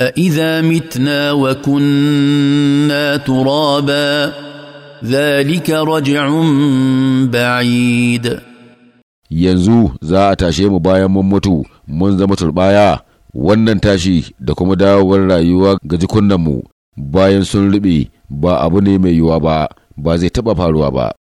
أإذا متنا وكنا ترابا ذلك رجع بعيد yanzu za a tashe mu bayan mun mutu mun wannan tashi da kuma dawowar rayuwa ga jikunanmu bayan sun ruɓe ba abu ne mai yiwuwa ba ba zai taɓa faruwa ba